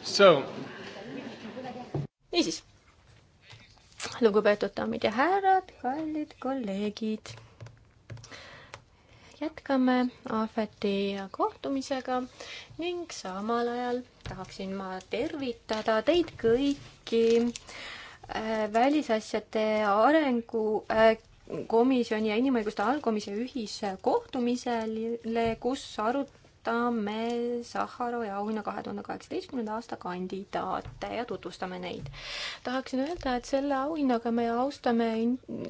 So. niisiis, lugupeetud daamid ja härrad, kallid kolleegid. jätkame Ahveti kohtumisega ning samal ajal tahaksin ma tervitada teid kõiki äh, välisasjade arengu äh, komisjoni ja inimõiguste allkomisjoni ühiskohtumisele, kus arut-, arutame Sahharovi auhinna kahe tuhande kaheksateistkümnenda aasta kandidaate ja tutvustame neid. tahaksin öelda, et selle auhinnaga me austame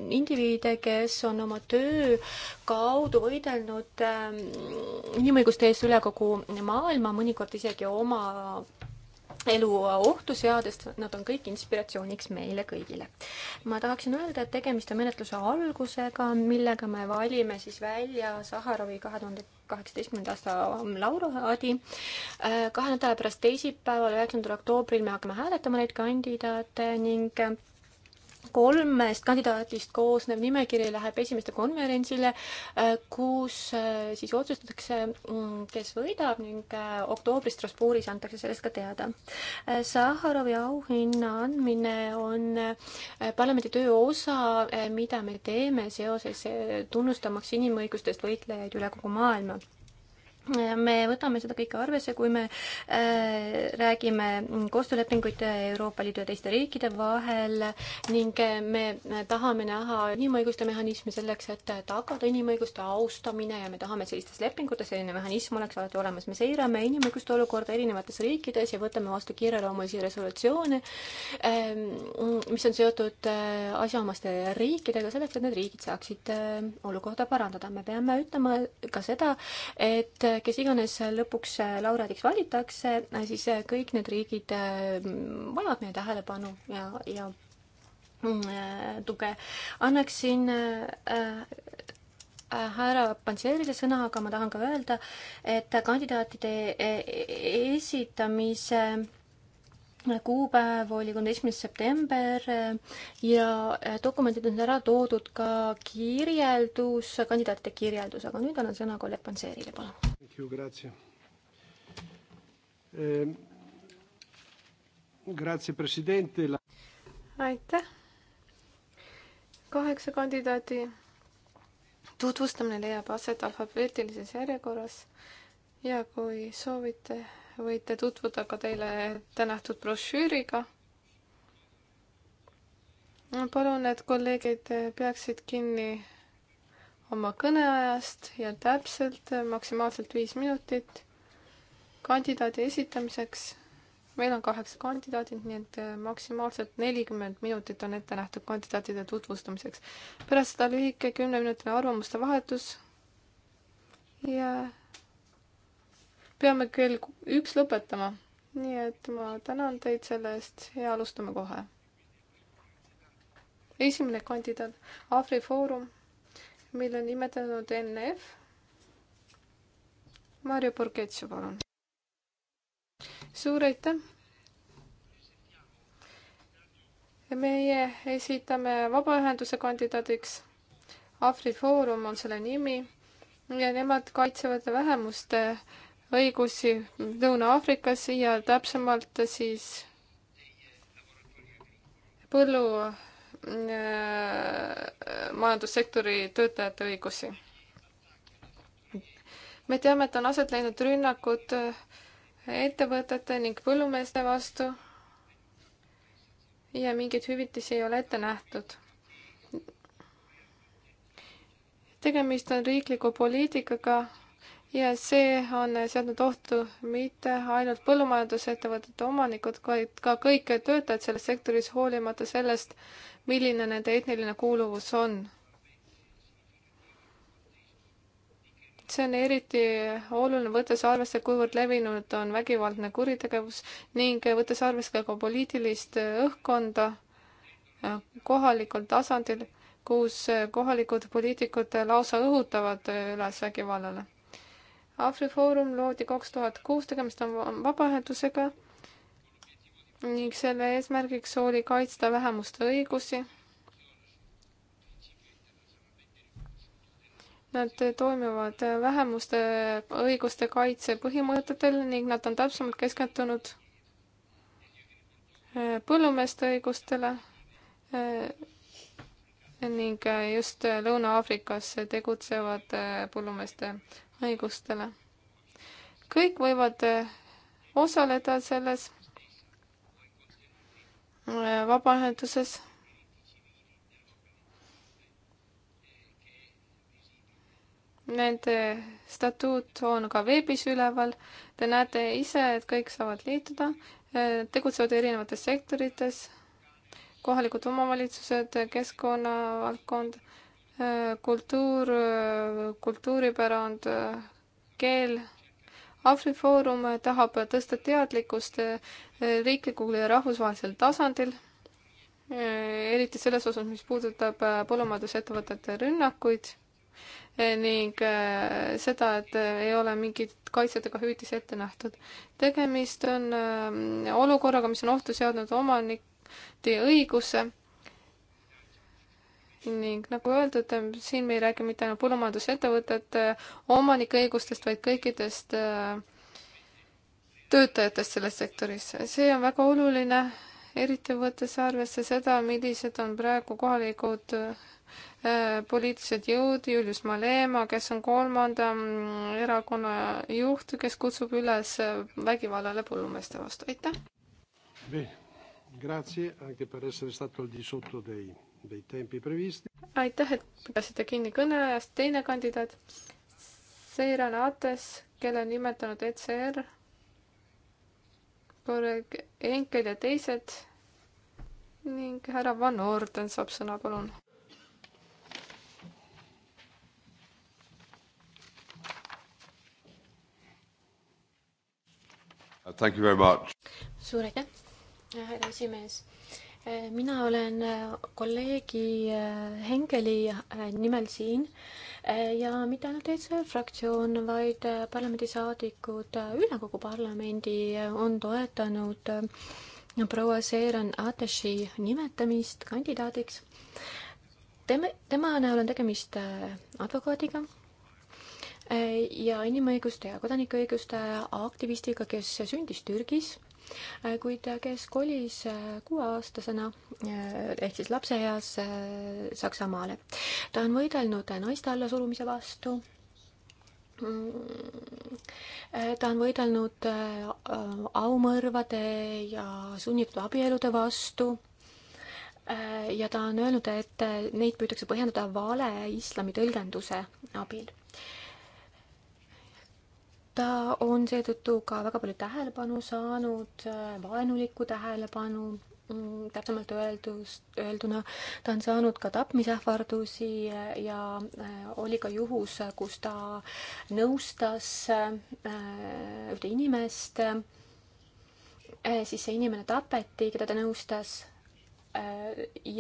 indiviide, kes on oma töö kaudu võidelnud ähm, inimõiguste eest üle kogu maailma, mõnikord isegi oma elu ohtu seades, nad on kõik inspiratsiooniks meile kõigile. ma tahaksin öelda, et tegemist on menetluse algusega, millega me valime siis välja Saharovi kahe tuhande kaheksateistkümnenda aasta laureaadi. kahe nädala pärast teisipäeval, üheksandal oktoobril me hakkame hääletama neid kandidaate ning kolmest kandidaadist koosnev nimekiri läheb esimeste konverentsile, äh, kus äh, siis otsustatakse, mm, kes võidab ning äh, oktoobris Strasbourgis antakse sellest ka teada. Saharovi auhinna andmine on parlamendi töö osa, mida me teeme seoses tunnustamaks inimõigustest võitlejaid üle kogu maailma me võtame seda kõike arvesse, kui me äh, räägime koostöölepingute Euroopa Liidu ja teiste riikide vahel ning me tahame näha inimõiguste mehhanismi selleks, et tagada inimõiguste austamine ja me tahame sellistes lepingutes, selline mehhanism oleks alati olemas. me seirame inimõiguste olukorda erinevates riikides ja võtame vastu kiireloomulisi resolutsioone, ähm, mis on seotud äh, asjaomaste riikidega, selleks et need riigid saaksid äh, olukorda parandada. me peame ütlema ka seda, et kes iganes lõpuks laureaadiks valitakse, siis kõik need riigid mm, vajavad meie tähelepanu ja, ja mm, äh, tuge. annaksin äh, äh, härra Pansierile sõna, aga ma tahan ka öelda, et kandidaatide e, e, esitamise kuupäev oli kolmeteistkümnes september eh, ja eh, dokumendid on ära toodud ka kirjeldus, kandidaatide kirjeldus, aga nüüd annan sõna kolleeg Panserile, palun. Ehm, aitäh. kaheksa kandidaati tutvustamine leiab aset alfabeetilises järjekorras ja kui soovite võite tutvuda ka teile ette nähtud brošüüriga. palun, et kolleegid peaksid kinni oma kõneajast ja täpselt maksimaalselt viis minutit kandidaadi esitamiseks. meil on kaheksa kandidaadit, nii et maksimaalselt nelikümmend minutit on ette nähtud kandidaatide tutvustamiseks. pärast seda lühike kümneminutine arvamuste vahetus ja peame kell üks lõpetama, nii et ma tänan teid selle eest ja alustame kohe. esimene kandidaat, Afri Foorum, mille on nimetanud NF. Marju Borgetsu, palun. suur aitäh meie esitame vabaühenduse kandidaadiks. Afri Foorum on selle nimi ja nemad kaitsevad vähemuste õigusi Lõuna-Aafrikas ja täpsemalt siis põllumajandussektori äh, töötajate õigusi. me teame, et on aset leidnud rünnakud äh, ettevõtete ning põllumeeste vastu ja mingeid hüvitisi ei ole ette nähtud. tegemist on riikliku poliitikaga ja see on seadnud ohtu mitte ainult põllumajandusettevõtete omanikud, vaid ka kõik töötajad selles sektoris, hoolimata sellest, milline nende etniline kuuluvus on. see on eriti oluline, võttes arvesse, kuivõrd levinud on vägivaldne kuritegevus ning võttes arvesse ka, ka poliitilist õhkkonda kohalikul tasandil, kus kohalikud poliitikud lausa õhutavad üles vägivallale Afri Foorum loodi kaks tuhat kuus, tegemist on vabaühendusega ning selle eesmärgiks oli kaitsta vähemuste õigusi. Nad toimivad vähemuste õiguste kaitse põhimõtetel ning nad on täpsemalt keskendunud eh, põllumeeste õigustele eh, ning eh, just Lõuna-Aafrikas tegutsevad põllumeeste õigustele. kõik võivad äh, osaleda selles äh, vabaühenduses nende äh, statuut on ka veebis üleval. Te näete ise, et kõik saavad liituda, tegutsevad erinevates sektorites, kohalikud omavalitsused, keskkonnavaldkond, Äh, kultuur, äh, kultuuripärand, äh, keel. Afrifoorum tahab tõsta teadlikkust riiklikul ja rahvusvahelisel tasandil, eriti selles osas, mis puudutab põllumajandusettevõtete rünnakuid ning seda, et ei ole mingit kaitset ega hüvitisi ette nähtud. tegemist on ähm, olukorraga, mis on ohtu seadnud omanikti õiguse ning nagu öeldud, ähm, siin me ei räägi mitte ainult põllumajandusettevõtete omanike õigustest, vaid kõikidest äh, töötajatest selles sektoris. see on väga oluline, eriti võttes arvesse seda, millised on praegu kohalikud äh, poliitilised jõud, Julius Malema, kes on kolmanda mm, erakonna juht, kes kutsub üles äh, vägivallale põllumeeste vastu, aitäh! Grazie anche per essere stato al di sotto dei aitäh, et pidasite kinni kõneajast, teine kandidaat, Seiran Ates, kelle on nimetanud ECR, kolleeg Enkel ja teised ning härra Van Orden saab sõna, palun. suur aitäh, härra esimees mina olen äh, kolleegi äh, Hengeli äh, nimel siin ja mitte ainult ECR fraktsioon, vaid parlamendisaadikud üle kogu parlamendi on toetanud proua Seeran Ateši nimetamist kandidaadiks. tema, tema näol on tegemist advokaadiga ja inimõiguste ja kodanikuõiguste aktivistiga, kes sündis Türgis Äh, kuid äh, kes kolis äh, kuueaastasena ehk siis lapseeas Saksamaale. ta on võidelnud naiste allasurumise vastu mm, ta on võidelnud aumõrvade ja sunnitud abielude vastu ja ta on öelnud, et neid püütakse põhjendada vale islami tõlgenduse abil ta on seetõttu ka väga palju tähelepanu saanud, vaenulikku tähelepanu, mm, täpsemalt öeldust, öelduna ta on saanud ka tapmisähvardusi ja äh, oli ka juhus, kus ta nõustas äh, ühte inimest, äh, siis see inimene tapeti, keda ta nõustas,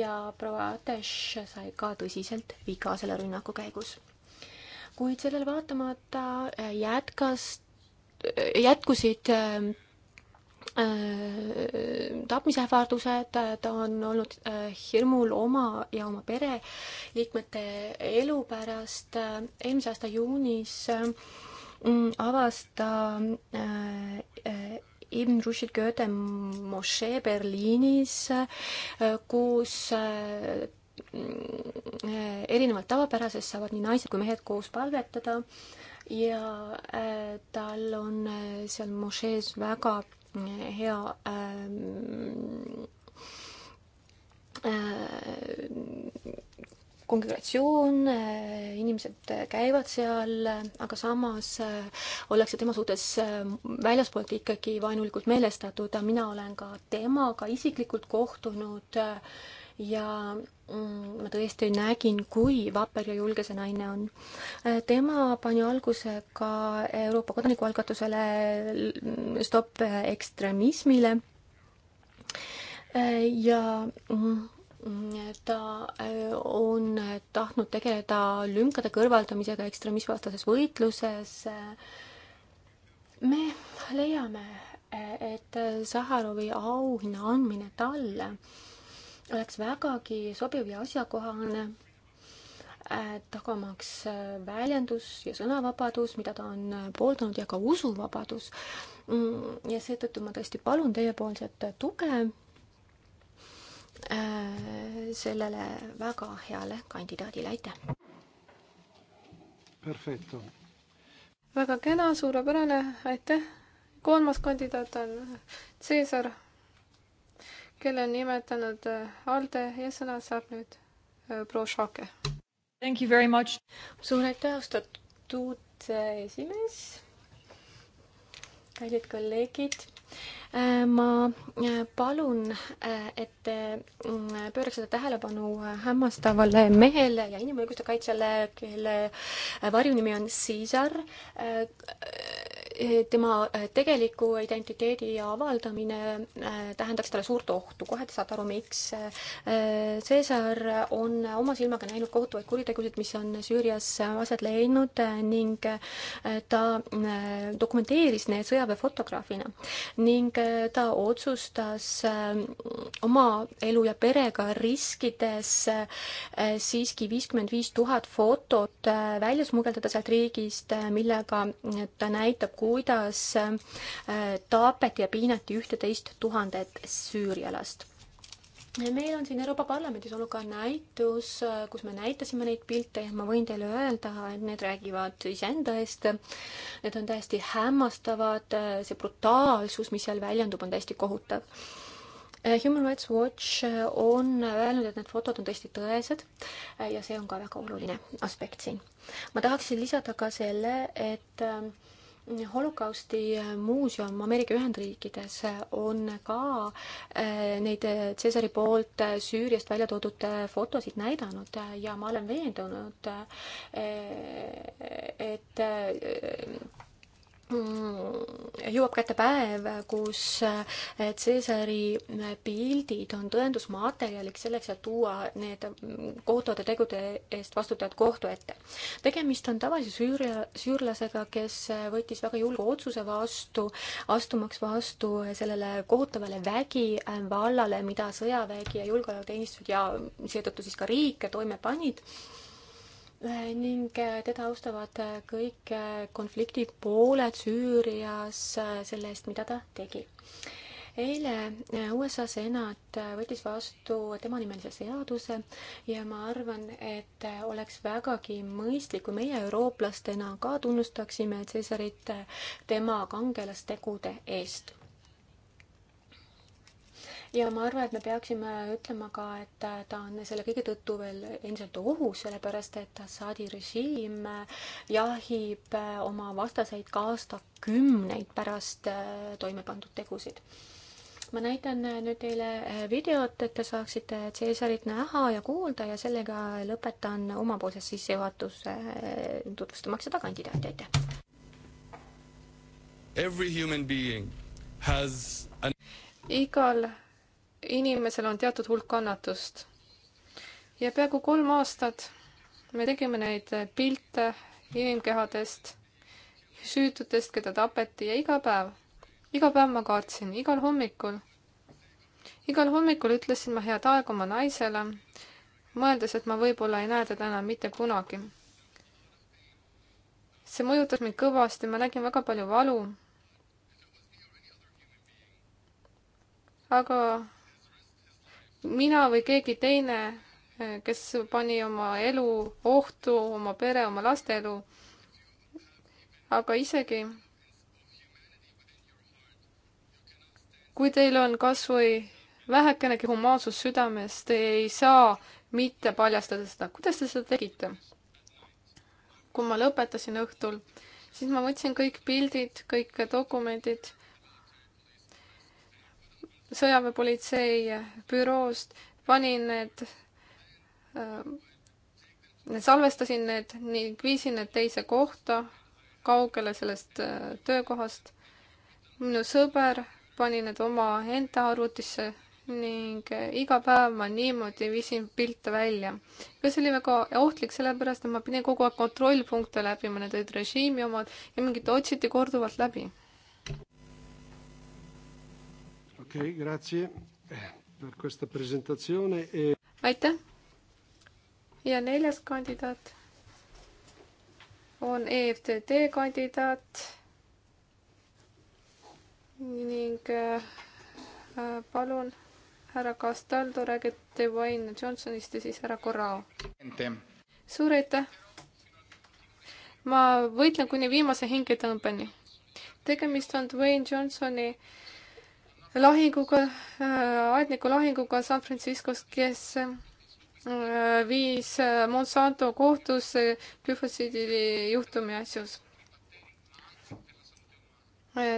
ja proua Atesh sai ka tõsiselt viga selle rünnaku käigus kuid sellele vaatamata äh, jätkas, äh, jätkusid äh, tapmisähvardused, ta on olnud hirmul oma ja oma pereliikmete elu pärast. eelmise aasta juunis mm, avas ta Ibn Rushd Goethe mošee Berliinis, kus Mm, äh, erinevalt tavapärasest saavad nii naised kui mehed koos palvetada ja äh, tal on äh, seal mošees väga hea ähm, kongregatsioon, inimesed käivad seal, aga samas ollakse tema suhtes väljaspoolt ikkagi vaenulikult meelestatud. mina olen ka temaga isiklikult kohtunud äh, ja mm, ma tõesti nägin, kui vapper ja julge see naine on. Äh, tema pani alguse ka Euroopa kodanikualgatusele Stop äh, ekstremismile äh, ja mm, ta on tahtnud tegeleda lünkade kõrvaldamisega ekstremismivastases võitluses. me leiame, et Saharovi auhinna andmine talle äh, oleks vägagi sobiv ja asjakohane äh, tagamaks äh, väljendus- ja sõnavabadus, mida ta on äh, pooldanud, ja ka usuvabadus. Mm, ja seetõttu ma tõesti palun teiepoolset tuge sellele väga heale kandidaadile, aitäh! Perfetto. väga kena, suurepärane, aitäh! kolmas kandidaat on Cesar kelle on nimetanud äh, Alde ja sõna saab nüüd äh, proua Šake. Thank you very much. suur aitäh, austatud äh, esimees. kallid kolleegid ma palun, et te pööraksite tähelepanu hämmastavale mehele ja inimõiguste kaitsjale, kelle varjunimi on Caesar tema äh, tegeliku identiteedi avaldamine äh, tähendaks talle suurt ohtu, kohe te saate aru, miks. Äh, Cäsar on oma silmaga näinud kohutavaid kuritegusid, mis on Süürias aset leidnud ning ta dokumenteeris need sõjaväefotograafina ning ta otsustas oma elu ja perega riskides siiski viiskümmend viis tuhat fotot välja smugeldada sealt riigist, millega ta näitab, kui kuidas äh, tapeti ja piinati ühteteist tuhandet süürialast meil on siin Euroopa Parlamendis olnud ka näitus, äh, kus me näitasime neid pilte ja ma võin teile öelda, et need räägivad iseenda eest. Need on täiesti hämmastavad, äh, see brutaalsus, mis seal väljendub, on täiesti kohutav. Human Rights Watch on öelnud, et need fotod on tõesti tõesed ja see on ka väga oluline aspekt siin. ma tahaksin lisada ka selle, et äh, holokausti äh, muuseum Ameerika Ühendriikides äh, on ka äh, neid Cäsari poolt Süüriast välja toodud fotosid näidanud ja ma olen veendunud, et Mm, jõuab kätte päev, kus äh, Cäsari äh, pildid on tõendusmaterjaliks selleks, et tuua need mm, kohutavate tegude eest vastutajad kohtu ette. tegemist on tavalise süürla, süürlasega, kes äh, võttis väga julge otsuse vastu, astumaks vastu sellele kohutavale vägivallale, mida sõjavägi ja julgeolekuteenistused ja seetõttu siis ka riik toime panid ning teda austavad kõik konflikti pooled Süürias selle eest, mida ta tegi. eile USA senat võttis vastu temanimelise seaduse ja ma arvan, et oleks vägagi mõistlik, kui meie eurooplastena ka tunnustaksime Cesarit tema kangelastegude eest ja ma arvan, et me peaksime ütlema ka, et äh, ta on selle kõige tõttu veel endiselt ohus, sellepärast et Assaadi režiim äh, jahib äh, oma vastaseid ka aastakümneid pärast toime pandud tegusid ma näitan nüüd teile videot, et te saaksite Caesarit näha ja kuulda ja sellega lõpetan omapoolse sissejuhatuse tutvustamaks seda kandidaati, aitäh! Every human being has an... igal inimesel on teatud hulk kannatust. ja peaaegu kolm aastat me tegime neid pilte inimkehadest, süütutest, keda tapeti ja iga päev, iga päev ma kartsin, igal hommikul. igal hommikul ütlesin ma head aega oma naisele, mõeldes, et ma võib-olla ei näe teda enam mitte kunagi. see mõjutas mind kõvasti, ma nägin väga palju valu, aga mina või keegi teine, kes pani oma elu ohtu, oma pere, oma laste elu, aga isegi kui teil on kas või vähekenegi humaansus südames, te ei saa mitte paljastada seda. kuidas te seda tegite? kui ma lõpetasin õhtul, siis ma võtsin kõik pildid, kõik dokumendid sõjaväepolitsei büroost, panin need äh, salvestasin need ning viisin need teise kohta, kaugele sellest äh, töökohast. minu sõber pani need omaenda arvutisse ning äh, iga päev ma niimoodi viisin pilte välja. ja see oli väga ohtlik, sellepärast et ma pidin kogu aeg kontrollpunkte läbima, need olid režiimi omad ja mingid otsiti korduvalt läbi okei okay,, grazie per questa presentazione e.... aitäh. ja neljas kandidaat on EFTD kandidaat. ning äh, äh, palun, härra Castaldo, räägite Wayne Johnsonist ja siis härra Corrao. suur aitäh. ma võitlen kuni viimase hingetõmbeni. tegemist on Dwayne Johnsoni äh, lahinguga, äh, aedniku lahinguga San Franciscos, kes äh, viis äh, Monsanto kohtusse glüfosiidi juhtumi asjus.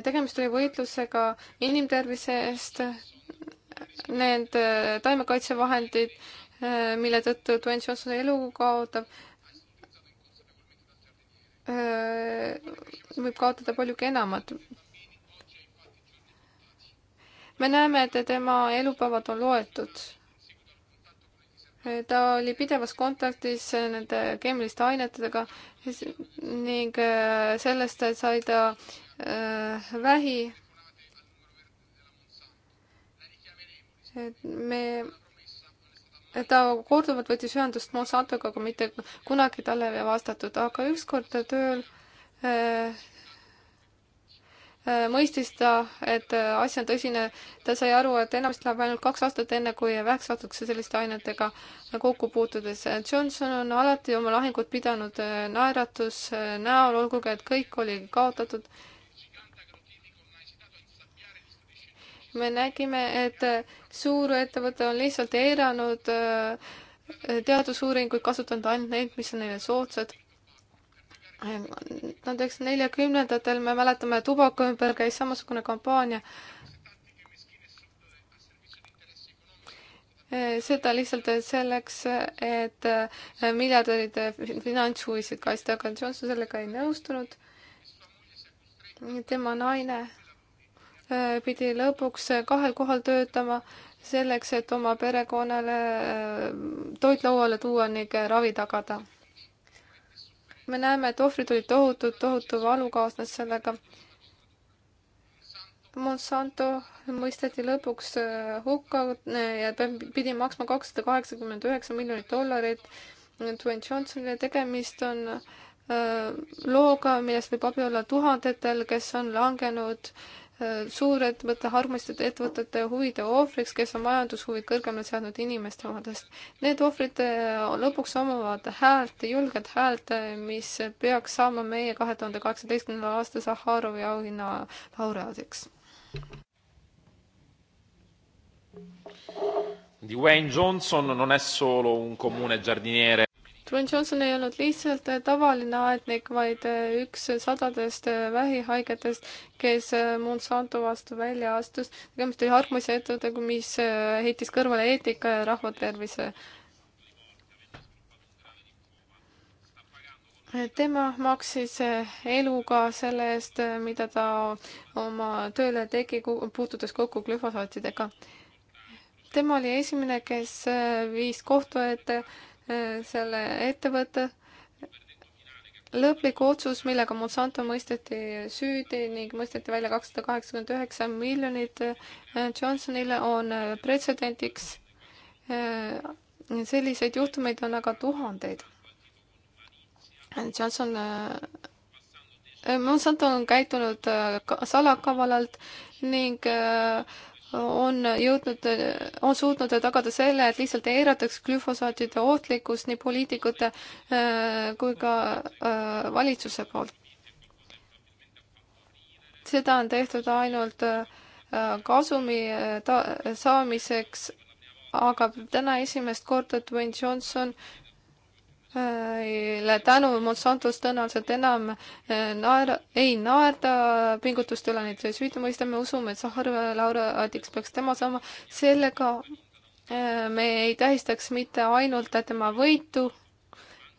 tegemist oli võitlusega inimtervise eest, need taimekaitsevahendid, mille tõttu Dwayne Johnson elu kaotab, võib kaotada paljugi enamat me näeme, et tema elupäevad on loetud. ta oli pidevas kontaktis nende keemiliste ainetega ning äh, sellest sai ta äh, vähi. et me ta korduvalt võttis ühendust Monsantoga, aga mitte kunagi talle ei vastatud, aga ükskord tööl äh, Äh, mõistis ta, et äh, asi on tõsine. ta sai aru, et enamasti läheb ainult kaks aastat, enne kui vähksatutakse selliste ainetega kokku puutudes. Äh, Johnson on alati oma lahingut pidanud naeratus näol, olgugi et kõik oli kaotatud. me nägime, et suurettevõte on lihtsalt eiranud teadusuuringuid, kasutanud ainult neid, mis on neile soodsad tuhande üheksasaja neljakümnendatel me mäletame, tubaka ümber käis samasugune kampaania. seda lihtsalt selleks, et miljardid finantshuvisid kaitsta, aga Johnson sellega ei nõustunud. tema naine äh, pidi lõpuks kahel kohal töötama selleks, et oma perekonnale äh, toit lauale tuua ning ravi tagada me näeme, et ohvrid olid tohutud, tohutu valu kaasnes sellega. Monsanto mõisteti lõpuks äh, hukka äh, ja pidi maksma kakssada kaheksakümmend üheksa miljonit dollarit. Dwayne Johnsonile tegemist on äh, looga, millest võib abi olla tuhandetel, kes on langenud äh, suurettevõtte hargmaistete ettevõtete huvide ohvriks, kes on majandushuvid kõrgemale seadnud inimeste omadest. Need ohvrid äh, lõpuks omavad häält, julget häält, äh, mis peaks saama meie kahe tuhande kaheksateistkümnenda aasta Sahharovi auhinna laureaadiks. Dwayne Johnson non è solo un comune giardiniere Dwayne Johnson ei olnud lihtsalt äh, tavaline aednik, vaid äh, üks sadadest äh, vähihaigetest, kes Monsanto vastu välja astus. tegemist oli hargmaise ettevõttega, mis heitis kõrvale eetika ja rahvatervise. tema maksis eluga selle eest, mida ta oma tööle tegi, puutudes kokku glüfosaatidega. tema oli esimene, kes viis kohtu ette äh, Äh, selle ettevõtte lõplik otsus, millega Monsanto mõisteti süüdi ning mõisteti välja kakssada kaheksakümmend üheksa miljonit äh, Johnsonile, on äh, pretsedendiks. selliseid juhtumeid on aga tuhandeid. Johnson, Monsanto on käitunud salakavalalt ning äh, on jõudnud, on suutnud tagada selle, et lihtsalt eiratakse glüfosaatide ohtlikkust nii poliitikute äh, kui ka äh, valitsuse poolt. seda on tehtud ainult äh, kasumi ta-, saamiseks, aga täna esimest korda Dwayne Johnson Äh, tänu Monsantos tõenäoliselt enam äh, naera, ei naerda pingutuste üle neid süüdi mõista, me usume, et Sahharova laureaadiks peaks tema saama, sellega äh, me ei tähistaks mitte ainult tema võitu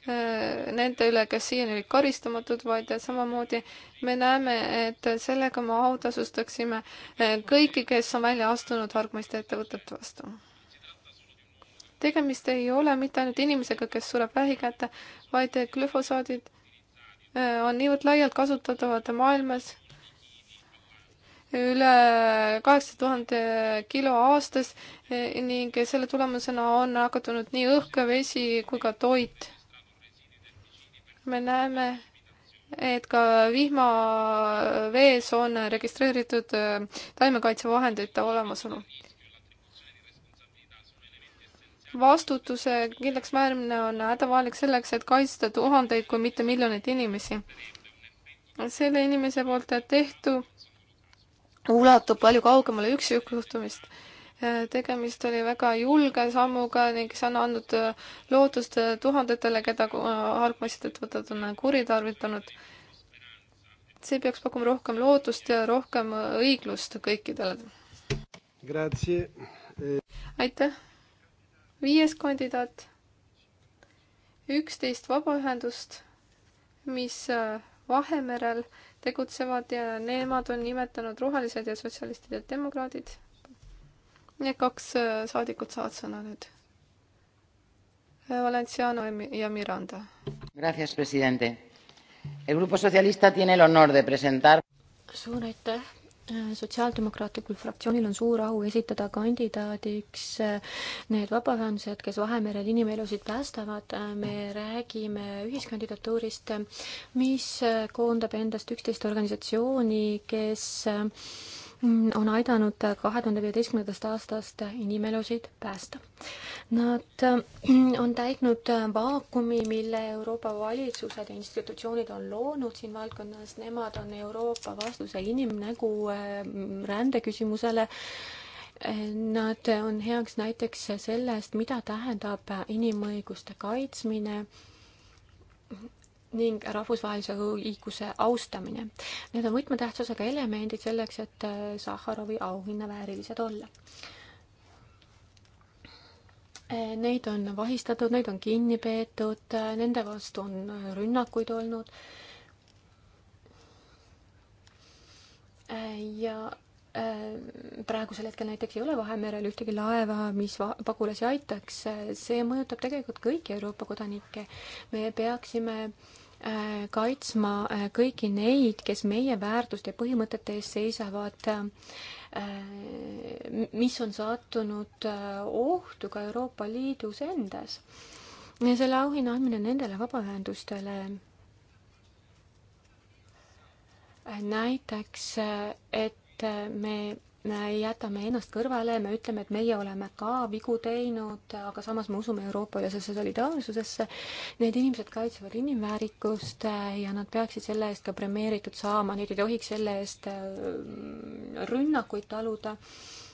nende üle, kes siiani olid karistamatud, vaid samamoodi me näeme, et sellega me autasustaksime kõiki, kes on välja astunud hargmaiste ettevõtete vastu tegemist ei ole mitte ainult inimesega, kes sureb vähi kätte, vaid glüfosaadid äh, on niivõrd laialt kasutatavad maailmas, üle kaheksa tuhande kilo aastas e, ning selle tulemusena on nakatunud nii õhk, vesi kui ka toit. me näeme, et ka vihmavees on registreeritud äh, taimekaitsevahendite olemasolu vastutuse kindlaksmääramine on hädavajalik selleks, et kaitsta tuhandeid, kui mitte miljoneid inimesi. selle inimese poolt tehtu ulatub palju kaugemale üksikjuhtumist. tegemist oli väga julge sammuga ning see on andnud lootust tuhandetele, keda algmassitöötajad on kuritarvitanud. see peaks pakkuma rohkem lootust ja rohkem õiglust kõikidele. aitäh! viies kandidaat, üksteist vabaühendust, mis äh, Vahemerel tegutsevad ja nemad on nimetanud rohelised ja sotsialistid ja demokraadid. Need kaks äh, saadikut saavad sõna nüüd. Äh, Valenciano ja Miranda. Gracias, presidente. El grupo socialista tiene el honor de presentar. suur aitäh sotsiaaldemokraatlikul fraktsioonil on suur au esitada kandidaadiks eh, need vabaühendused, kes Vahemerel inimelusid päästavad. Eh, me räägime ühiskandidatuurist, mis eh, koondab endast üksteist organisatsiooni, kes on aidanud kahe tuhande viieteistkümnendast aastast inimelusid päästa. Nad äh, on täitnud vaakumi, mille Euroopa valitsused ja institutsioonid on loonud siin valdkonnas, nemad on Euroopa vastuse inimnägu äh, rändeküsimusele. Äh, nad on heaks näiteks sellest, mida tähendab inimõiguste kaitsmine ning rahvusvahelise õiguse austamine. Need on võtmetähtsusega elemendid selleks, et äh, Sahharovi auhinna väärilised olla. Äh, neid on vahistatud, neid on kinni peetud, äh, nende vastu on rünnakuid olnud. ja praegusel hetkel näiteks ei ole Vahemerel ühtegi laeva, mis pagulasi aitaks, see mõjutab tegelikult kõiki Euroopa kodanikke. me peaksime äh, Äh, kaitsma äh, kõiki neid, kes meie väärtuste ja põhimõtete eest seisavad, äh, mis on sattunud ohtu ka Euroopa Liidus endas. selle auhinna andmine nendele vabaühendustele näiteks, et me jätame ennast kõrvale, me ütleme, et meie oleme ka vigu teinud, aga samas me usume Euroopa-ülesesse solidaarsusesse. Need inimesed kaitsevad inimväärikust äh, ja nad peaksid selle eest ka premeeritud saama, neid ei tohiks selle eest äh, rünnakuid taluda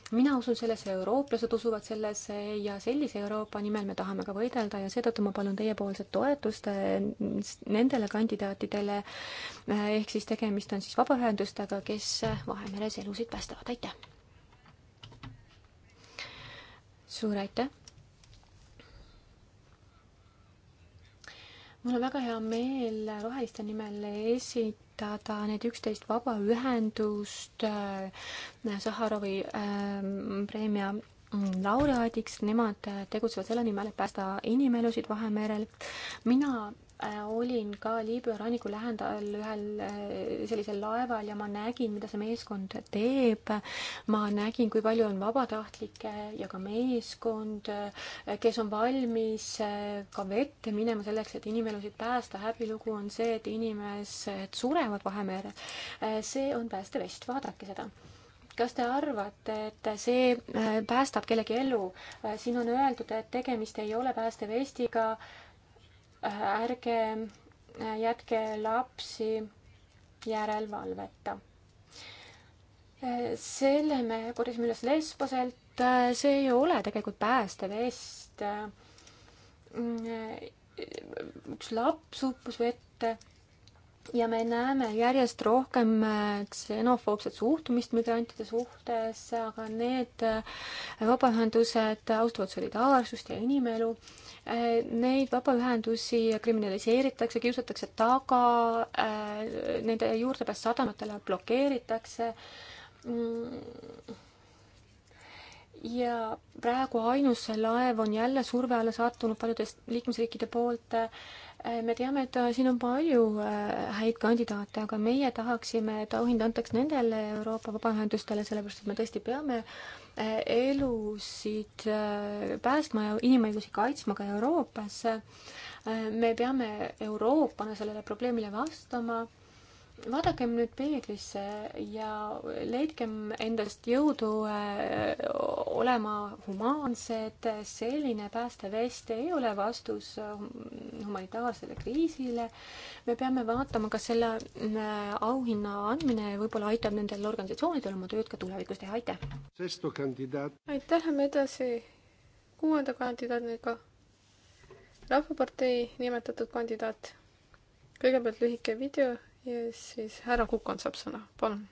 mina usun sellesse, eurooplased usuvad sellesse ja sellise Euroopa nimel me tahame ka võidelda ja seetõttu ma palun teiepoolset toetust eh, nendele kandidaatidele, eh, ehk siis tegemist on siis vabaühendustega, kes Vahemeres elusid päästavad, aitäh! suur aitäh! mul on väga hea meel roheliste nimel esit-, toetada neid üksteist vabaühendust äh, Saharovi äh, preemia mm, laureaadiks, nemad tegutsevad selle nimel, et päästa inimelusid Vahemerel. mina Äh, olin ka Liibüa ranniku lähedal ühel äh, sellisel laeval ja ma nägin, mida see meeskond teeb. ma nägin, kui palju on vabatahtlikke ja ka meeskond, äh, kes on valmis ka vette minema selleks, et inimelusid päästa. häbilugu on see, et inimesed surevad Vahemerel. see on päästevest, vaadake seda kas te arvate, et see päästab kellegi elu? siin on öeldud, et tegemist ei ole päästevestiga äh,, Äh, ärge äh, jätke lapsi järelevalveta. Äh, selle me korisime üles Lesboselt, see ei ole tegelikult päästevest. üks laps uppus vette ja me näeme järjest rohkem ksenofoobset suhtumist migrantide suhtes, aga need vabaühendused austavad solidaarsust ja inimelu Neid vabaühendusi kriminaliseeritakse, kiusatakse taga, äh, nende juurdepääs sadamatele blokeeritakse mm. ja praegu ainus laev on jälle surve alla sattunud paljude liikmesriikide poolt Äh, me teame, et äh, siin on palju äh, häid kandidaate, aga meie tahaksime, et auhind antaks nendele Euroopa vabaühendustele, sellepärast et me tõesti peame elusid päästma ja inimõigusi kaitsma ka Euroopas. me peame Euroopana sellele probleemile vastama vaadakem nüüd peeglisse ja leidkem endast jõudu äh, olema humaansed, selline päästevest ei ole vastus äh, humanitaarsele kriisile. me peame vaatama, kas selle äh, auhinna andmine võib-olla aitab nendel organisatsioonidel oma tööd ka tulevikus teha, aitäh! aitäh, lähme edasi kuuenda kandidaadiga. rahvapartei nimetatud kandidaat. kõigepealt lühike video ja siis härra Kukan saab sõna, palun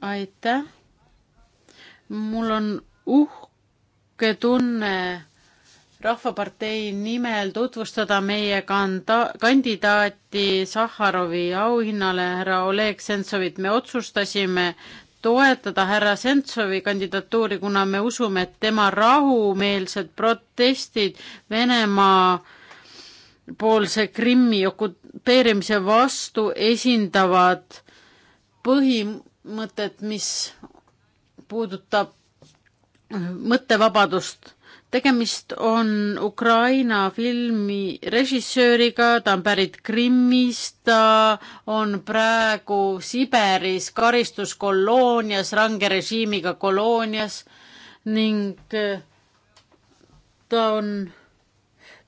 aitäh. mul on uhke tunne Rahvapartei nimel tutvustada meie kanda-, kandidaati Sahharovi auhinnale, härra Oleg Sentsovit. me otsustasime toetada härra Sentsovi kandidatuuri, kuna me usume, et tema rahumeelsed protestid Venemaa poolse Krimmi okupeerimise vastu esindavad põhimõtet, mis puudutab mõttevabadust. tegemist on Ukraina filmi režissööriga, ta on pärit Krimmist, ta on praegu Siberis karistuskoloonias, range režiimiga koloonias ning äh, ta on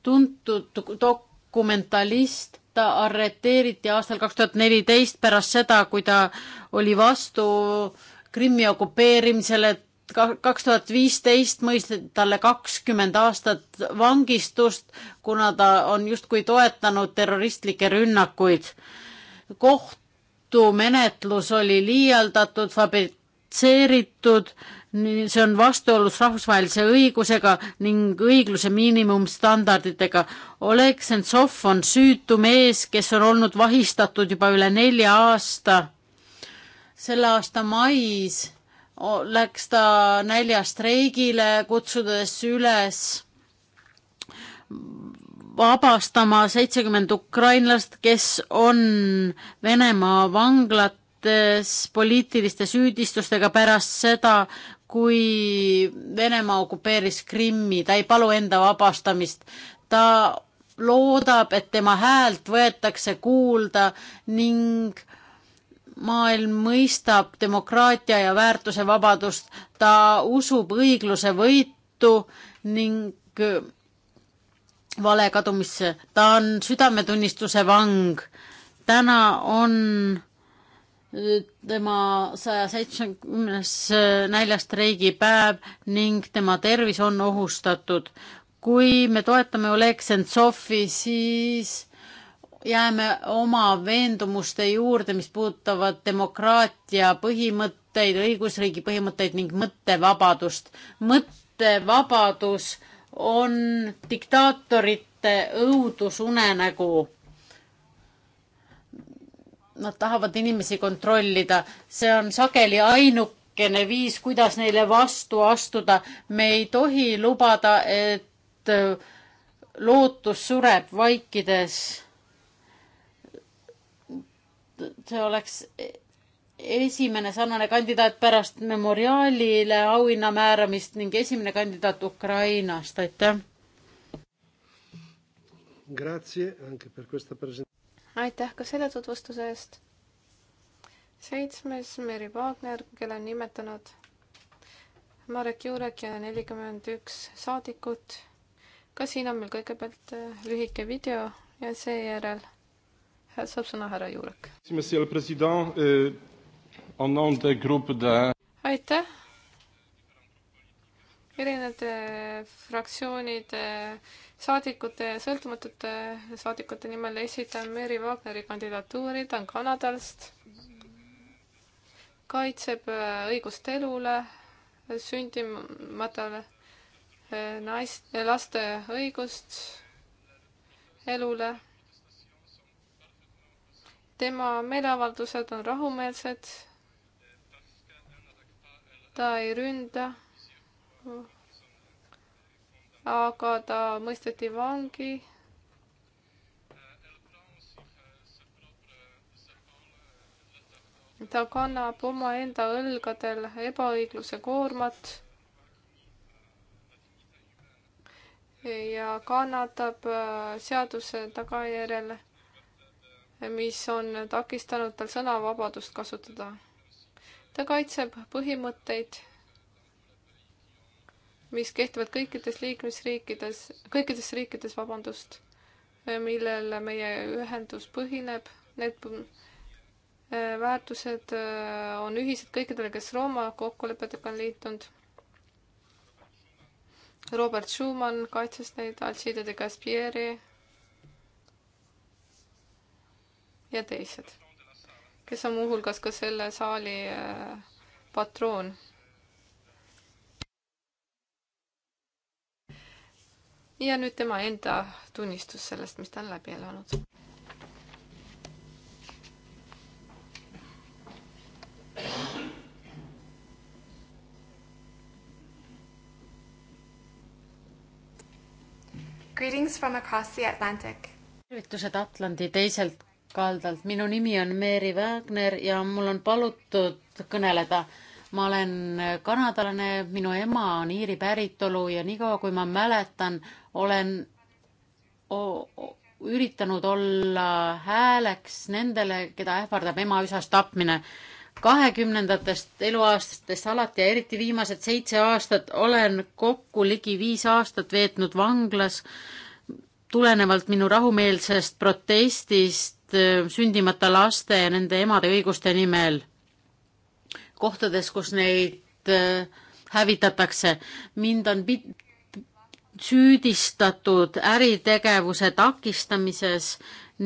tuntud dokumentalist ta arreteeriti aastal kaks tuhat neliteist pärast seda, kui ta oli vastu Krimmi okupeerimisele. kaks tuhat viisteist mõisteti talle kakskümmend aastat vangistust, kuna ta on justkui toetanud terroristlikke rünnakuid. kohtumenetlus oli liialdatud, Fabrit kvalifitseeritud, see on vastuolus rahvusvahelise õigusega ning õigluse miinimumstandarditega. Oleg Sentsov on süütu mees, kes on olnud vahistatud juba üle nelja aasta. selle aasta mais läks ta näljastreigile, kutsudes üles vabastama seitsekümmend ukrainlast, kes on Venemaa vanglat seoses poliitiliste süüdistustega pärast seda, kui Venemaa okupeeris Krimmi, ta ei palu enda vabastamist. ta loodab, et tema häält võetakse kuulda ning maailm mõistab demokraatia ja väärtusevabadust, ta usub õigluse võitu ning vale kadumisse, ta on südametunnistuse vang. täna on tema saja seitsmekümnes eh, näljast reigipäev ning tema tervis on ohustatud. kui me toetame Oleg Sentsovi, siis jääme oma veendumuste juurde, mis puudutavad demokraatia põhimõtteid, õigusriigi põhimõtteid ning mõttevabadust. mõttevabadus on diktaatorite õudusunenägu nad tahavad inimesi kontrollida, see on sageli ainukene viis, kuidas neile vastu astuda. me ei tohi lubada, et äh, lootus sureb vaikides. see oleks esimene sarnane kandidaat pärast memoriaalile auhinna määramist ning esimene kandidaat Ukrainast, aitäh aitäh ka selle tutvustuse eest. seitsmes Meri Wagner, kelle on nimetanud Marek Jurek ja nelikümmend üks saadikut. ka siin on meil kõigepealt äh, lühike video ja seejärel saab sõna härra Jurek. Euh, aitäh erinevate fraktsioonide saadikute, sõltumatute saadikute nimel esitan Mary Wagneri kandidatuuri, ta on Kanadast, kaitseb äh, õigust elule, sündimatale äh, naist, laste õigust elule. tema meeleavaldused on rahumeelsed, ta ei ründa aga ta mõisteti vangi. ta kannab omaenda õlgadel ebaõigluse koormat ja kannatab äh, seaduse tagajärjel, mis on takistanud tal sõnavabadust kasutada. ta kaitseb põhimõtteid mis kehtivad kõikides liikmesriikides, kõikides riikides, vabandust, millel meie ühendus põhineb, need äh, väärtused äh, on ühised kõikidele, kes Rooma kokkulepetega on liitunud. Robert Schumann kaitses neid, Alcide de Gaspieri ja teised, kes on muuhulgas ka selle saali äh, patroon ja nüüd tema enda tunnistus sellest, mis ta on läbi elanud. Greetings from across the Atlantic. tervitused Atlandi teiselt kaldalt, minu nimi on Mary Wagner ja mul on palutud kõneleda ma olen kanadalane, minu ema on Iiri päritolu ja niikaua, kui ma mäletan, olen üritanud olla hääleks nendele, keda ähvardab ema üsas tapmine. kahekümnendatest eluaastatest alati ja eriti viimased seitse aastat olen kokku ligi viis aastat veetnud vanglas tulenevalt minu rahumeelsest protestist äh, sündimata laste ja nende emade õiguste nimel kohtades, kus neid äh, hävitatakse. mind on süüdistatud äritegevuse takistamises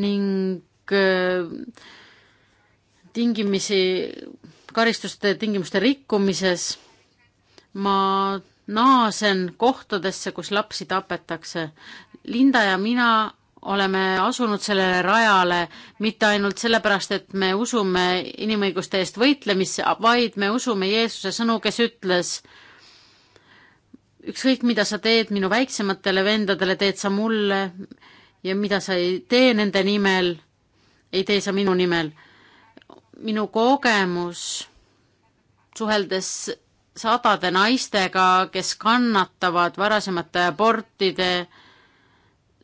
ning äh, tingimisi, karistuste tingimuste rikkumises. ma naasen kohtadesse, kus lapsi tapetakse. Linda ja mina oleme asunud sellele rajale mitte ainult sellepärast, et me usume inimõiguste eest võitlemisse, vaid me usume Jeesuse sõnu, kes ütles, ükskõik, mida sa teed minu väiksematele vendadele, teed sa mulle ja mida sa ei tee nende nimel, ei tee sa minu nimel. minu kogemus suheldes sadade naistega, kes kannatavad varasemate abortide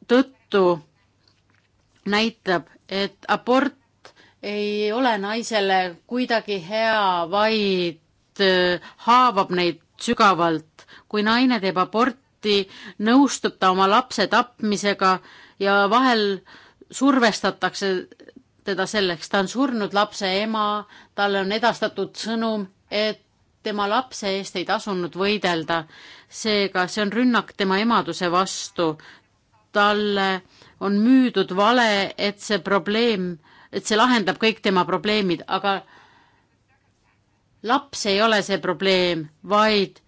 tõttu, tõttu näitab, et abort ei ole naisele kuidagi hea, vaid äh, haavab neid sügavalt. kui naine teeb aborti, nõustub ta oma lapse tapmisega ja vahel survestatakse teda selleks, ta on surnud lapse ema, talle on edastatud sõnum, et tema lapse eest ei tasunud võidelda. seega see on rünnak tema emaduse vastu talle on müüdud vale, et see probleem, et see lahendab kõik tema probleemid, aga laps ei ole see probleem, vaid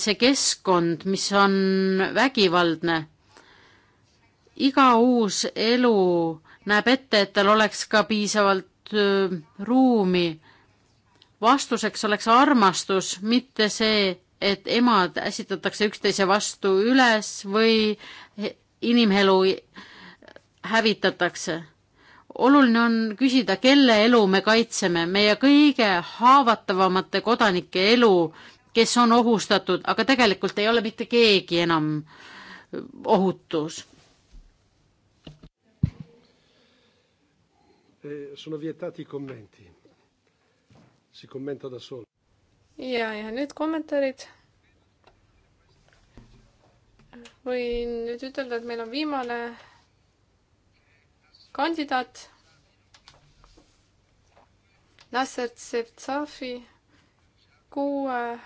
see keskkond, mis on vägivaldne. iga uus elu näeb ette, et tal oleks ka piisavalt ruumi. vastuseks oleks armastus, mitte see, et emad äsitatakse üksteise vastu üles või inimelu hävitatakse. oluline on küsida, kelle elu me kaitseme, meie kõige haavatavamate kodanike elu, kes on ohustatud, aga tegelikult ei ole mitte keegi enam ohutus. Eh, sono vietati commenti. Si commenta da solo. ja, ja nüüd kommentaarid võin nüüd ütelda, et meil on viimane kandidaat. Nasser Tsertsafi, kuue äh,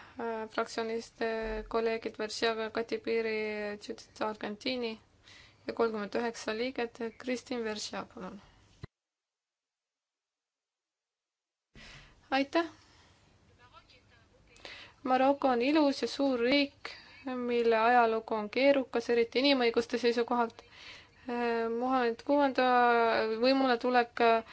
fraktsioonist kolleegid Veržjaga, Kati Piiri, Judith Argentiini ja kolmkümmend üheksa liiget, Kristin Veržja, palun. aitäh! Maroko on ilus ja suur riik mille ajalugu on keerukas, eriti inimõiguste seisukohalt. Mohammed kuuenda võimule tulek äh,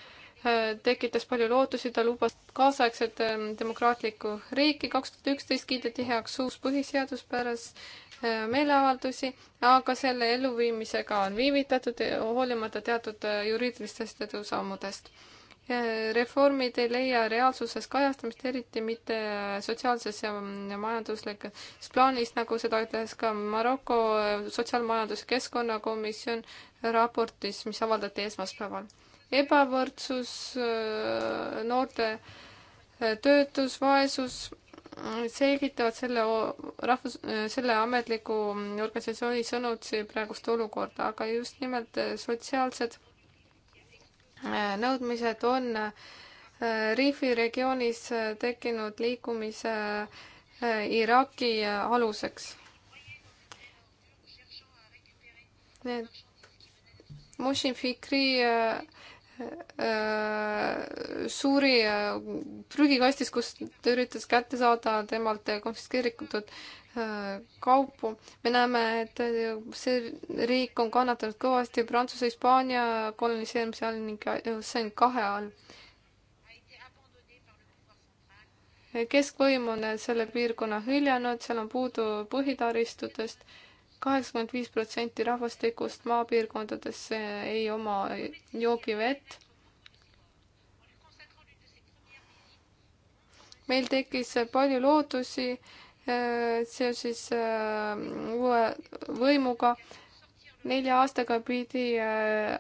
tekitas palju lootusi, ta lubas kaasaegset ähm, demokraatlikku riiki, kaks tuhat üksteist kiideti heaks uus põhiseadus pärast äh, meeleavaldusi, aga selle elluviimisega on viivitatud, hoolimata teatud äh, juriidilistest edusammudest reformid ei leia reaalsuses kajastamist, eriti mitte sotsiaalses ja majanduslikus plaanis, nagu seda ütles ka Maroko sotsiaalmajanduse keskkonnakomisjon raportis, mis avaldati esmaspäeval. ebavõrdsus, noorte töötus, vaesus selgitavad selle rahvus, selle ametliku organisatsiooni sõnutsi praegust olukorda, aga just nimelt sotsiaalsed nõudmised on äh, Riifi regioonis äh, tekkinud liikumise äh, Iraaki aluseks. Need Moshin Fikri suuri prügikastis, kus ta üritas kätte saada temalt konfiskeeritud kaupu. me näeme, et see riik on kannatanud kõvasti Prantsuse, Hispaania koloniseerimise all ning Hussein kahe all. keskvõim on selle piirkonna hüljanud, seal on puudu põhitaristutest, kaheksakümmend viis protsenti rahvastikust maapiirkondades ei oma joogivett meil tekkis palju lootusi Äh, seoses äh, uue võimuga. nelja aastaga pidi äh,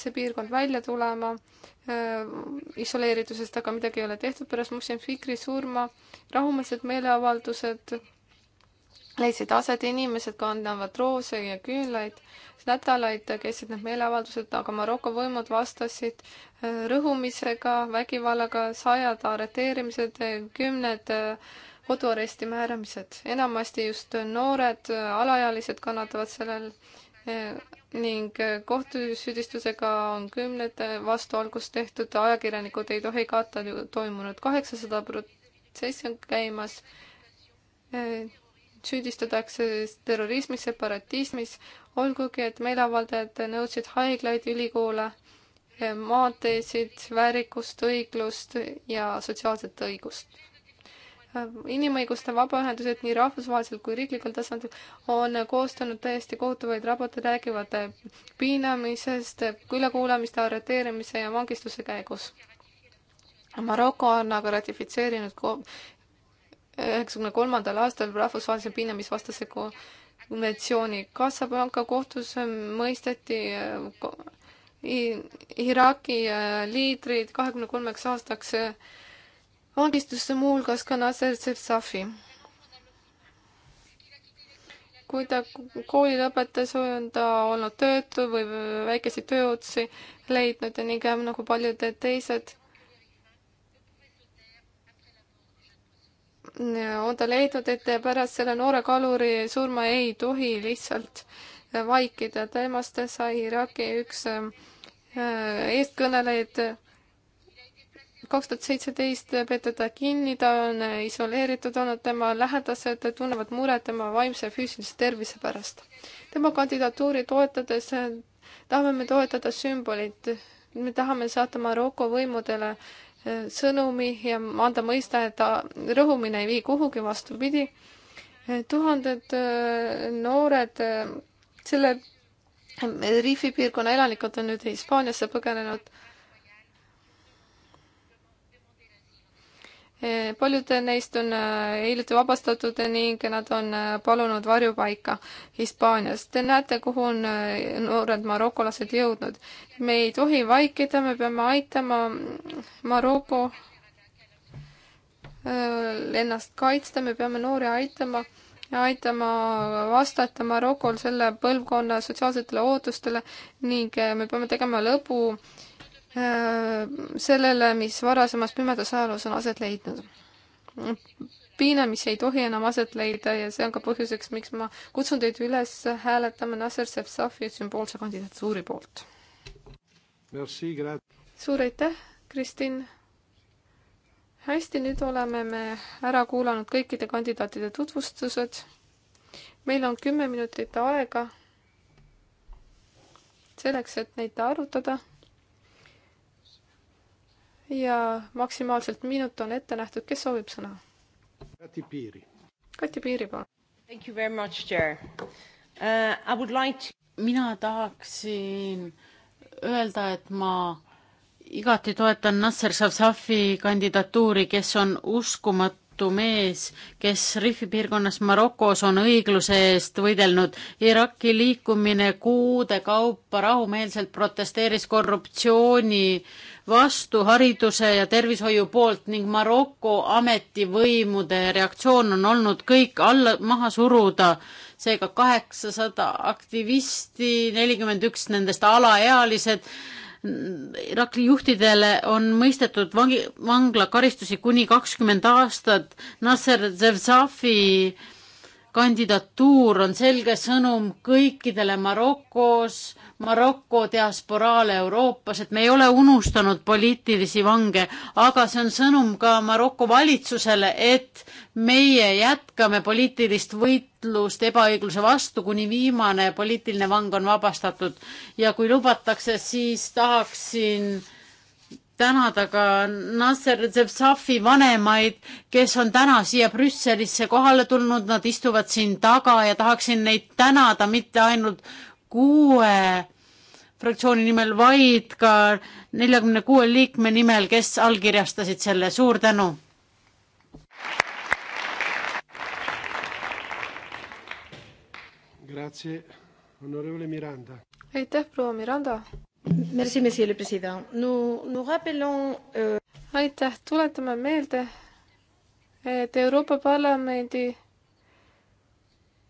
see piirkond välja tulema isoleeritusest, aga midagi ei ole tehtud pärast Muslim Fikri surma. rahumeelsed meeleavaldused leidsid aset, inimesed kannavad roose ja küünlaid. nädalaid kestsid need meeleavaldused, aga Maroko võimud vastasid rõhumisega, vägivallaga, sajad arreteerimised, kümned äh, koduaresti määramised. enamasti just noored alaealised kannatavad sellel eh, ning eh, kohtusüüdistusega on kümnete eh, vastu algust tehtud, ajakirjanikud ei tohi katta toimunud kaheksasada protsessi on käimas. süüdistatakse terrorismis, separatismis, olgugi et meeleavaldajad nõudsid haiglaid, ülikoole, maanteesid, väärikust, õiglust ja sotsiaalset õigust inimõiguste vabaühendused nii rahvusvahelisel kui riiklikul tasandil on koostanud täiesti kohutavaid raporteid, räägivad piinamisest, ülekuulamiste, arreteerimise ja vangistuse käigus. Maroko on aga ratifitseerinud üheksakümne kolmandal aastal rahvusvahelise piinamisvastase konventsiooni. Casablanca kohtus mõisteti äh, Iraagi äh, liidrid kahekümne kolmeks aastaks äh, vangistusse muuhulgas ka Nasser Tsefsafi. kui ta kooli lõpetas, on ta olnud töötu või väikeseid tööotsi leidnud ja nii käib nagu paljud teised on ta leidnud, et pärast selle noore kaluri surma ei tohi lihtsalt vaikida. temast sai Iraagi üks äh, eestkõnelejaid kaks tuhat seitseteist peeti ta kinni, ta on isoleeritud olnud, tema lähedased tunnevad muret tema vaimse ja füüsilise tervise pärast. tema kandidatuuri toetades tahame me toetada sümbolit, me tahame saata Maroko võimudele eh, sõnumi ja anda mõista, et rõhumine ei vii kuhugi, vastupidi. Eh, tuhanded eh, noored selle Riifi piirkonna elanikud on nüüd Hispaaniasse põgenenud paljud neist on äh, hiljuti vabastatud ning nad on äh, palunud varjupaika Hispaanias. Te näete, kuhu on äh, noored marokolased jõudnud. me ei tohi vaikida, me peame aitama Maroko ennast kaitsta, me peame noori aitama ja aitama vastata Marokol selle põlvkonna sotsiaalsetele ootustele ning me peame tegema lõbu äh, Äh, sellele, mis varasemas pimedas ajaloos on aset leidnud. piinamisi ei tohi enam aset leida ja see on ka põhjuseks, miks ma kutsun teid üles hääletama Nasser Sevtsafi sümboolse kandidatuuri poolt. suur aitäh, Kristin! hästi, nüüd oleme me ära kuulanud kõikide kandidaatide tutvustused. meil on kümme minutit aega selleks, et neid arutada ja maksimaalselt minut on ette nähtud, kes soovib sõna? Kati Piiri. Kati Piiri, palun. Thank you very much, chair uh,. I would like to mina tahaksin öelda, et ma igati toetan Nasser Savsafi kandidatuuri, kes on uskumatu tuntu mees, kes Rifi piirkonnas Marokos on õigluse eest võidelnud. Iraki liikumine kuude kaupa rahumeelselt protesteeris korruptsiooni vastu hariduse ja tervishoiu poolt ning Maroko ametivõimude reaktsioon on olnud kõik alla, maha suruda. seega kaheksasada aktivisti, nelikümmend üks nendest alaealised Irakli-juhtidele on mõistetud vangi, vanglakaristusi kuni kakskümmend aastat. Nasser Zevzafi äh, kandidatuur on selge sõnum kõikidele Marokos, Maroko diasporaale Euroopas, et me ei ole unustanud poliitilisi vange, aga see on sõnum ka Maroko valitsusele, et meie jätkame poliitilist võitlust ebaõigluse vastu, kuni viimane poliitiline vang on vabastatud. ja kui lubatakse, siis tahaksin tänada ka Nasser Zebsafi vanemaid, kes on täna siia Brüsselisse kohale tulnud, nad istuvad siin taga ja tahaksin neid tänada mitte ainult kuue fraktsiooni nimel, vaid ka neljakümne kuue liikme nimel, kes allkirjastasid selle, suur tänu. aitäh, proua Miranda. Merci, monsieur le president. Nous, nous rappelons euh... aitäh, tuletame meelde, et Euroopa Parlamendi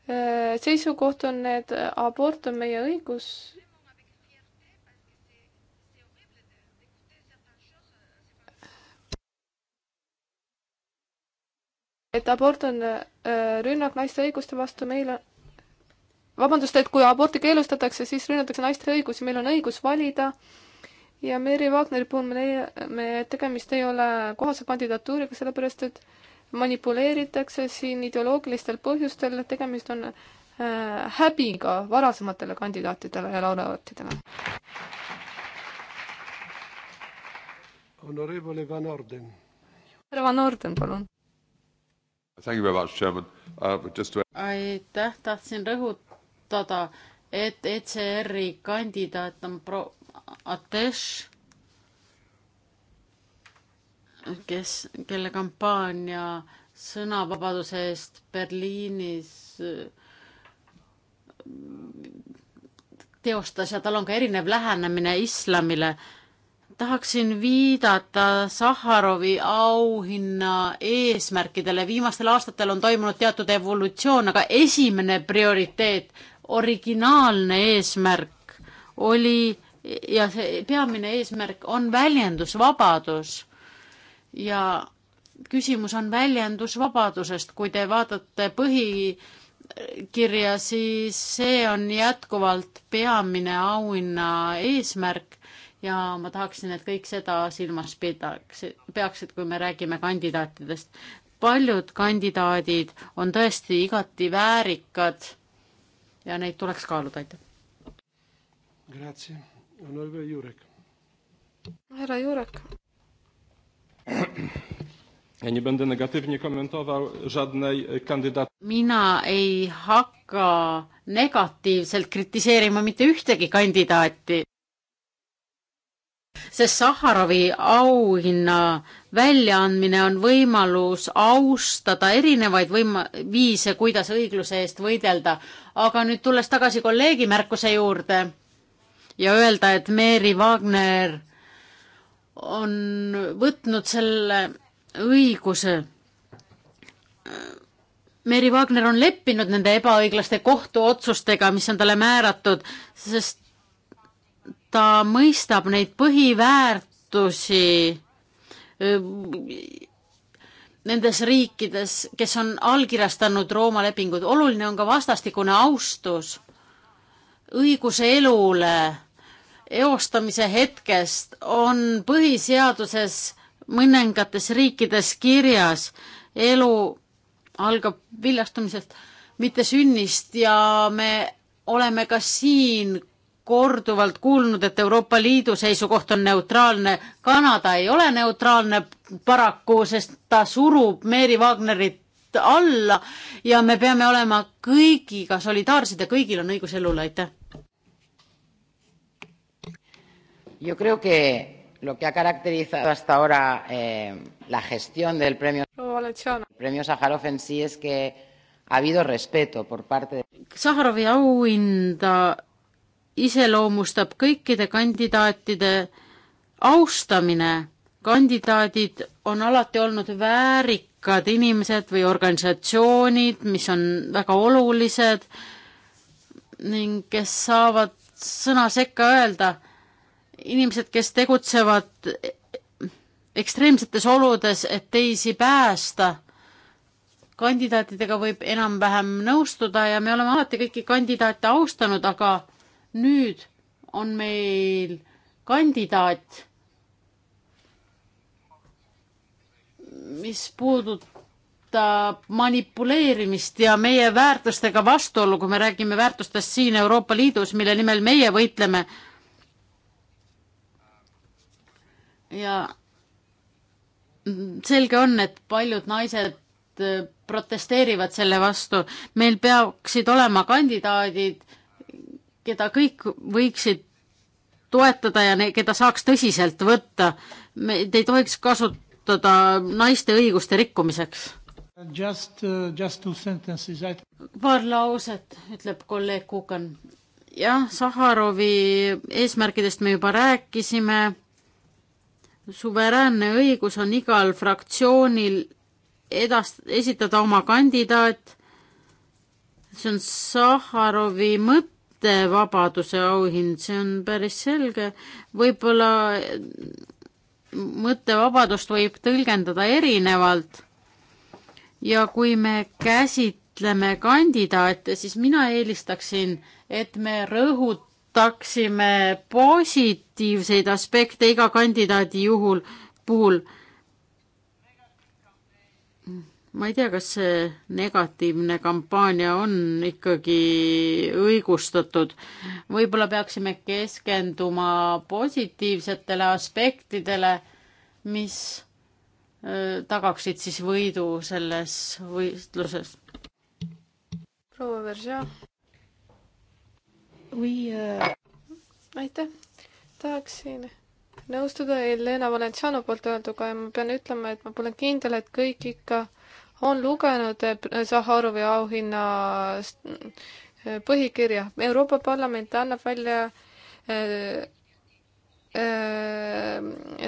äh, seisukoht on, et abort on meie õigus. et abort on äh, rünnak naiste õiguste vastu, meil on vabandust, et kui aborti keelustatakse, siis rünnatakse naiste õigusi, meil on õigus valida ja Mary Wagneri puhul me leia-, me, tegemist ei ole kohase kandidatuuriga, sellepärast et manipuleeritakse siin ideoloogilistel põhjustel, tegemist on äh, häbiga varasematele kandidaatidele ja laureaatidele. Honorable Van Orden. härra Van Orden, palun. Thank you very much, Chairman uh,. Just to... aitäh, tahtsin rõhutada rõhutada, et ECR-i kandidaat on pro-, Atesh, kes, kelle kampaania sõnavabaduse eest Berliinis äh, teostas ja tal on ka erinev lähenemine islamile. tahaksin viidata Saharovi auhinna eesmärkidele. viimastel aastatel on toimunud teatud evolutsioon, aga esimene prioriteet originaalne eesmärk oli ja see peamine eesmärk on väljendusvabadus ja küsimus on väljendusvabadusest, kui te vaatate põhikirja, siis see on jätkuvalt peamine auhinna eesmärk ja ma tahaksin, et kõik seda silmas pidaks, peaksid, kui me räägime kandidaatidest. paljud kandidaadid on tõesti igati väärikad ja neid tuleks kaaluda, aitäh. Grazie, Honorve Jurek. härra Jurek. Ja nie będę negatywnie komentował żadnej e, kandydat-. mina ei hakka negatiivselt kritiseerima mitte ühtegi kandidaati sest Saharovi auhinna väljaandmine on võimalus austada erinevaid võima-, viise, kuidas õigluse eest võidelda. aga nüüd tulles tagasi kolleegi märkuse juurde ja öelda, et Mary Wagner on võtnud selle õiguse. Mary Wagner on leppinud nende ebaõiglaste kohtuotsustega, mis on talle määratud, sest ta mõistab neid põhiväärtusi nendes riikides, kes on allkirjastanud Rooma lepingud. oluline on ka vastastikune austus õiguse elule eostamise hetkest on põhiseaduses mõningates riikides kirjas elu algab viljastumisest, mitte sünnist ja me oleme ka siin korduvalt kuulnud, et Euroopa Liidu seisukoht on neutraalne. Kanada ei ole neutraalne paraku, sest ta surub Mary Wagnerit alla ja me peame olema kõigiga solidaarsed ja kõigil on õigus elule, aitäh. Yo creo que lo que ha caracterizado hasta ahora eh, la gestión del premio, premio Sájarov en sí es que ha habido respeto por parte de... Sáharovi auhinda iseloomustab kõikide kandidaatide austamine. kandidaadid on alati olnud väärikad inimesed või organisatsioonid, mis on väga olulised ning kes saavad sõna sekka öelda. inimesed, kes tegutsevad ekstreemsetes oludes, et teisi päästa. kandidaatidega võib enam-vähem nõustuda ja me oleme alati kõiki kandidaate austanud, aga nüüd on meil kandidaat, mis puudutab manipuleerimist ja meie väärtustega vastuollu, kui me räägime väärtustest siin Euroopa Liidus, mille nimel meie võitleme. ja selge on, et paljud naised äh, protesteerivad selle vastu. meil peaksid olema kandidaadid keda kõik võiksid toetada ja ne, keda saaks tõsiselt võtta. Meid ei tohiks kasutada naiste õiguste rikkumiseks. Just, uh, just two sentences I.... paar lauset, ütleb kolleeg Kukan. jah, Saharovi eesmärkidest me juba rääkisime. suveräänne õigus on igal fraktsioonil edast-, esitada oma kandidaat. see on Saharovi mõte mõttevabaduse auhind, see on päris selge. võib-olla mõttevabadust võib tõlgendada erinevalt. ja kui me käsitleme kandidaate, siis mina eelistaksin, et me rõhutaksime positiivseid aspekte iga kandidaadi juhul, puhul ma ei tea, kas see negatiivne kampaania on ikkagi õigustatud. võib-olla peaksime keskenduma positiivsetele aspektidele, mis tagaksid siis võidu selles võistluses. proua Veržea. aitäh, tahaksin nõustuda Helena Valenciano poolt öelduga ja ma pean ütlema, et ma pole kindel, et kõik ikka äh, on lugenud eh, Saharovi auhinna eh, põhikirja. Euroopa Parlament annab välja eh,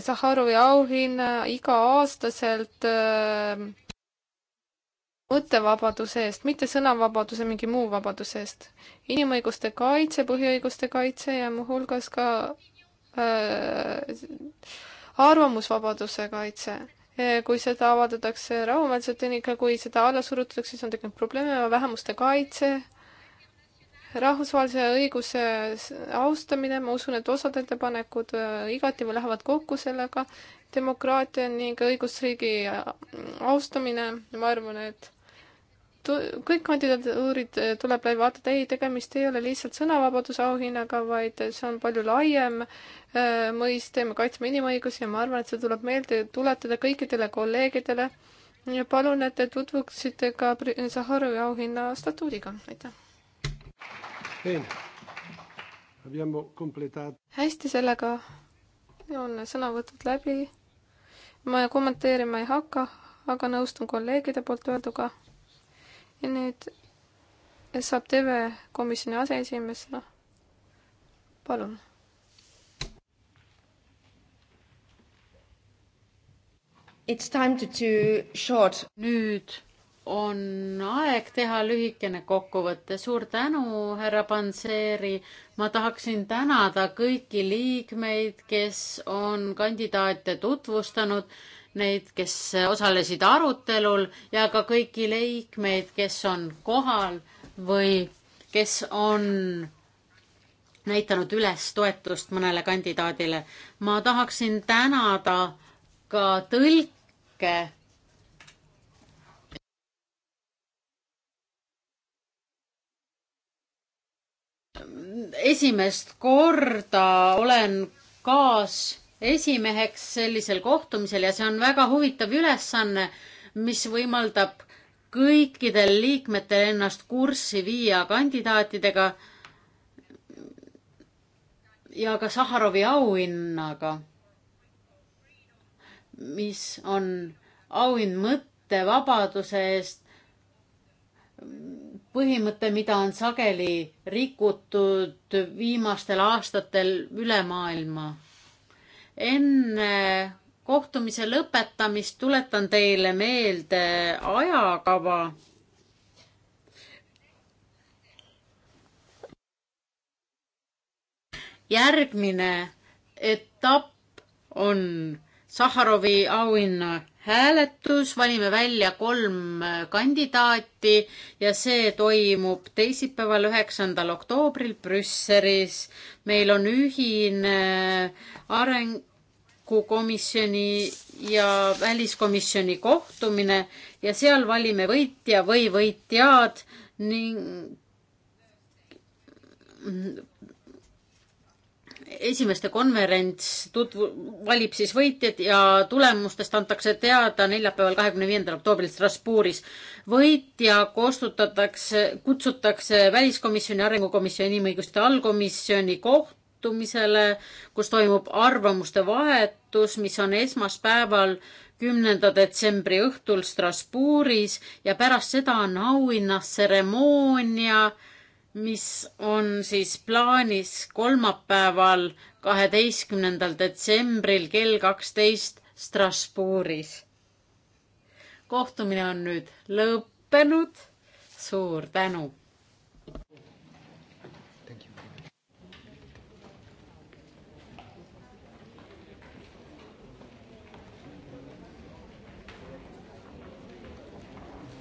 Saharovi auhinna iga-aastaselt mõttevabaduse eest, mitte sõnavabaduse, mingi muu vabaduse eest. inimõiguste kaitse, põhiõiguste kaitse ja muuhulgas ka äh, arvamusvabaduse kaitse Eh, kui seda avaldatakse rahumeelselt ning kui seda alla surutakse, siis on tekkinud probleeme, vähemuste kaitse, rahvusvahelise õiguse austamine, ma usun, et osad ettepanekud eh, igati lähevad kokku sellega, demokraatia ning õigusriigi eh, austamine, ma arvan, et kõik kandidatuurid eh, tuleb läbi vaadata, ei, tegemist ei ole lihtsalt sõnavabaduse auhinnaga, vaid see on palju laiem eh, mõiste, me kaitseme inimõigusi ja ma arvan, et see tuleb meelde tuletada kõikidele kolleegidele. ja palun, et te tutvuksite ka Sahharovi auhinna statuudiga, aitäh. hästi, sellega on sõnavõtud läbi. ma kommenteerima ei hakka, aga nõustun kolleegide poolt öelduga nüüd saab TV komisjoni aseesimees sõna. palun. It's time to do short. nüüd on aeg teha lühikene kokkuvõte. suur tänu, härra Panseri. ma tahaksin tänada kõiki liikmeid, kes on kandidaate tutvustanud neid, kes osalesid arutelul ja ka kõiki liikmeid, kes on kohal või kes on näidanud üles toetust mõnele kandidaadile. ma tahaksin tänada ka tõlke. esimest korda olen kaas esimeheks sellisel kohtumisel ja see on väga huvitav ülesanne, mis võimaldab kõikidel liikmetel ennast kurssi viia kandidaatidega ja ka Saharovi auhinnaga, mis on auhind mõttevabaduse eest, põhimõte, mida on sageli rikutud viimastel aastatel üle maailma enne kohtumise lõpetamist tuletan teile meelde ajakava. järgmine etapp on Saharovi auhinna hääletus, valime välja kolm äh, kandidaati ja see toimub teisipäeval, üheksandal oktoobril Brüsselis. meil on ühine äh, arengukomisjoni ja väliskomisjoni kohtumine ja seal valime võitja või võitjad ning esimeste konverents tutvu-, valib siis võitjad ja tulemustest antakse teada neljapäeval, kahekümne viiendal oktoobril Strasbourgis. võitja kostutatakse, kutsutakse Väliskomisjoni, Arengukomisjoni, Inimõiguste allkomisjoni kohtumisele, kus toimub arvamuste vahetus, mis on esmaspäeval, kümnenda detsembri õhtul Strasbourgis ja pärast seda on auhinnatseremoonia, mis on siis plaanis kolmapäeval, kaheteistkümnendal detsembril kell kaksteist Strasbourgis. kohtumine on nüüd lõppenud. suur tänu